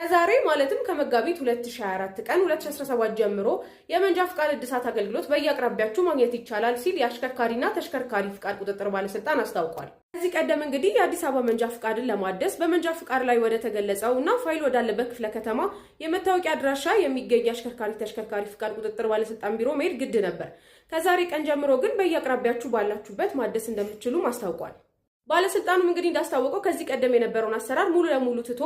ከዛሬ ማለትም ከመጋቢት 2024 ቀን 2017 ጀምሮ የመንጃ ፍቃድ እድሳት አገልግሎት በየአቅራቢያችሁ ማግኘት ይቻላል ሲል የአሽከርካሪና ተሽከርካሪ ፍቃድ ቁጥጥር ባለስልጣን አስታውቋል። ከዚህ ቀደም እንግዲህ የአዲስ አበባ መንጃ ፍቃድን ለማደስ በመንጃ ፍቃድ ላይ ወደ ተገለጸው እና ፋይል ወዳለበት ክፍለ ከተማ የመታወቂያ አድራሻ የሚገኝ የአሽከርካሪ ተሽከርካሪ ፍቃድ ቁጥጥር ባለስልጣን ቢሮ መሄድ ግድ ነበር። ከዛሬ ቀን ጀምሮ ግን በየአቅራቢያችሁ ባላችሁበት ማደስ እንደምትችሉ አስታውቋል። ባለስልጣኑም እንግዲህ እንዳስታወቀው ከዚህ ቀደም የነበረውን አሰራር ሙሉ ለሙሉ ትቶ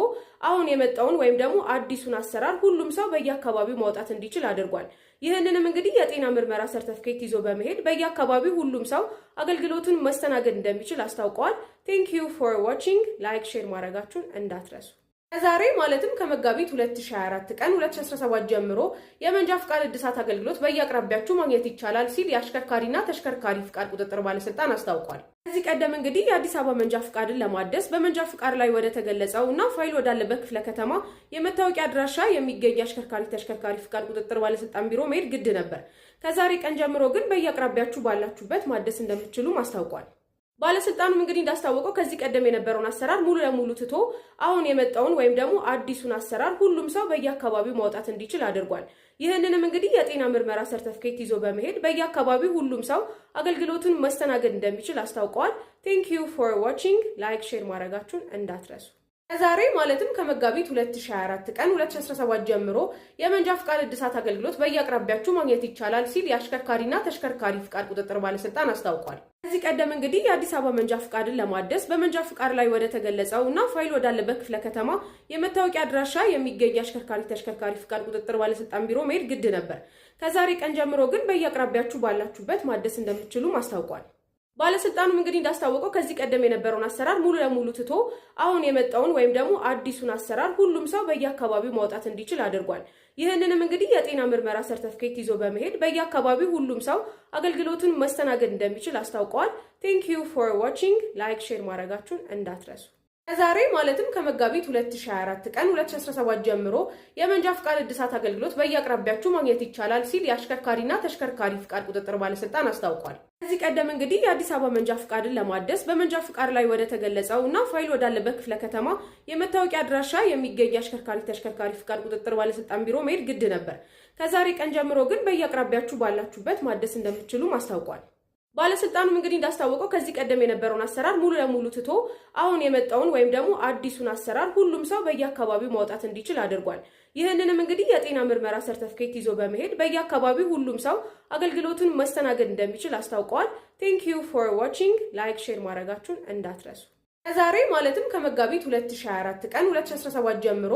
አሁን የመጣውን ወይም ደግሞ አዲሱን አሰራር ሁሉም ሰው በየአካባቢው ማውጣት እንዲችል አድርጓል። ይህንንም እንግዲህ የጤና ምርመራ ሰርተፍኬት ይዞ በመሄድ በየአካባቢው ሁሉም ሰው አገልግሎቱን መስተናገድ እንደሚችል አስታውቀዋል። ቴንክ ዩ ፎር ዋቺንግ። ላይክ ሼር ማድረጋችሁን እንዳትረሱ። ከዛሬ ማለትም ከመጋቢት 2024 ቀን 2017 ጀምሮ የመንጃ ፍቃድ እድሳት አገልግሎት በየአቅራቢያችሁ ማግኘት ይቻላል ሲል የአሽከርካሪና ተሽከርካሪ ፍቃድ ቁጥጥር ባለስልጣን አስታውቋል። ከዚህ ቀደም እንግዲህ የአዲስ አበባ መንጃ ፍቃድን ለማደስ በመንጃ ፍቃድ ላይ ወደ ተገለጸው እና ፋይል ወዳለበት ክፍለ ከተማ የመታወቂያ አድራሻ የሚገኝ የአሽከርካሪ ተሽከርካሪ ፍቃድ ቁጥጥር ባለስልጣን ቢሮ መሄድ ግድ ነበር። ከዛሬ ቀን ጀምሮ ግን በየአቅራቢያችሁ ባላችሁበት ማደስ እንደምትችሉም አስታውቋል። ባለስልጣኑም እንግዲህ እንዳስታወቀው ከዚህ ቀደም የነበረውን አሰራር ሙሉ ለሙሉ ትቶ አሁን የመጣውን ወይም ደግሞ አዲሱን አሰራር ሁሉም ሰው በየአካባቢው ማውጣት እንዲችል አድርጓል። ይህንንም እንግዲህ የጤና ምርመራ ሰርተፍኬት ይዞ በመሄድ በየአካባቢው ሁሉም ሰው አገልግሎቱን መስተናገድ እንደሚችል አስታውቀዋል። ቴንክ ዩ ፎር ዋቺንግ። ላይክ ሼር ማድረጋችሁን እንዳትረሱ። ከዛሬ ማለትም ከመጋቢት 2024 ቀን 2017 ጀምሮ የመንጃ ፍቃድ እድሳት አገልግሎት በየአቅራቢያችሁ ማግኘት ይቻላል ሲል የአሽከርካሪና ተሽከርካሪ ፍቃድ ቁጥጥር ባለስልጣን አስታውቋል። ከዚህ ቀደም እንግዲህ የአዲስ አበባ መንጃ ፍቃድን ለማደስ በመንጃ ፍቃድ ላይ ወደ ተገለጸው እና ፋይል ወዳለበት ክፍለ ከተማ የመታወቂያ አድራሻ የሚገኝ የአሽከርካሪ ተሽከርካሪ ፍቃድ ቁጥጥር ባለስልጣን ቢሮ መሄድ ግድ ነበር። ከዛሬ ቀን ጀምሮ ግን በየአቅራቢያችሁ ባላችሁበት ማደስ እንደምትችሉም አስታውቋል። ባለስልጣኑም እንግዲህ እንዳስታወቀው ከዚህ ቀደም የነበረውን አሰራር ሙሉ ለሙሉ ትቶ አሁን የመጣውን ወይም ደግሞ አዲሱን አሰራር ሁሉም ሰው በየአካባቢው ማውጣት እንዲችል አድርጓል። ይህንንም እንግዲህ የጤና ምርመራ ሰርተፍኬት ይዞ በመሄድ በየአካባቢው ሁሉም ሰው አገልግሎቱን መስተናገድ እንደሚችል አስታውቀዋል። ቴንክ ዩ ፎር ዋቺንግ። ላይክ ሼር ማድረጋችሁን እንዳትረሱ። ከዛሬ ማለትም ከመጋቢት 2024 ቀን 2017 ጀምሮ የመንጃ ፍቃድ እድሳት አገልግሎት በየአቅራቢያችሁ ማግኘት ይቻላል ሲል የአሽከርካሪና ተሽከርካሪ ፍቃድ ቁጥጥር ባለስልጣን አስታውቋል። ከዚህ ቀደም እንግዲህ የአዲስ አበባ መንጃ ፍቃድን ለማደስ በመንጃ ፍቃድ ላይ ወደ ተገለጸው እና ፋይል ወዳለበት ክፍለ ከተማ የመታወቂያ አድራሻ የሚገኝ የአሽከርካሪ ተሽከርካሪ ፍቃድ ቁጥጥር ባለስልጣን ቢሮ መሄድ ግድ ነበር። ከዛሬ ቀን ጀምሮ ግን በየአቅራቢያችሁ ባላችሁበት ማደስ እንደምትችሉም አስታውቋል። ባለስልጣኑም እንግዲህ እንዳስታወቀው ከዚህ ቀደም የነበረውን አሰራር ሙሉ ለሙሉ ትቶ አሁን የመጣውን ወይም ደግሞ አዲሱን አሰራር ሁሉም ሰው በየአካባቢው ማውጣት እንዲችል አድርጓል። ይህንንም እንግዲህ የጤና ምርመራ ሰርተፍኬት ይዞ በመሄድ በየአካባቢው ሁሉም ሰው አገልግሎቱን መስተናገድ እንደሚችል አስታውቀዋል። ቴንክ ዩ ፎር ዋቺንግ፣ ላይክ፣ ሼር ማድረጋችሁን እንዳትረሱ። ከዛሬ ማለትም ከመጋቢት 2024 ቀን 2017 ጀምሮ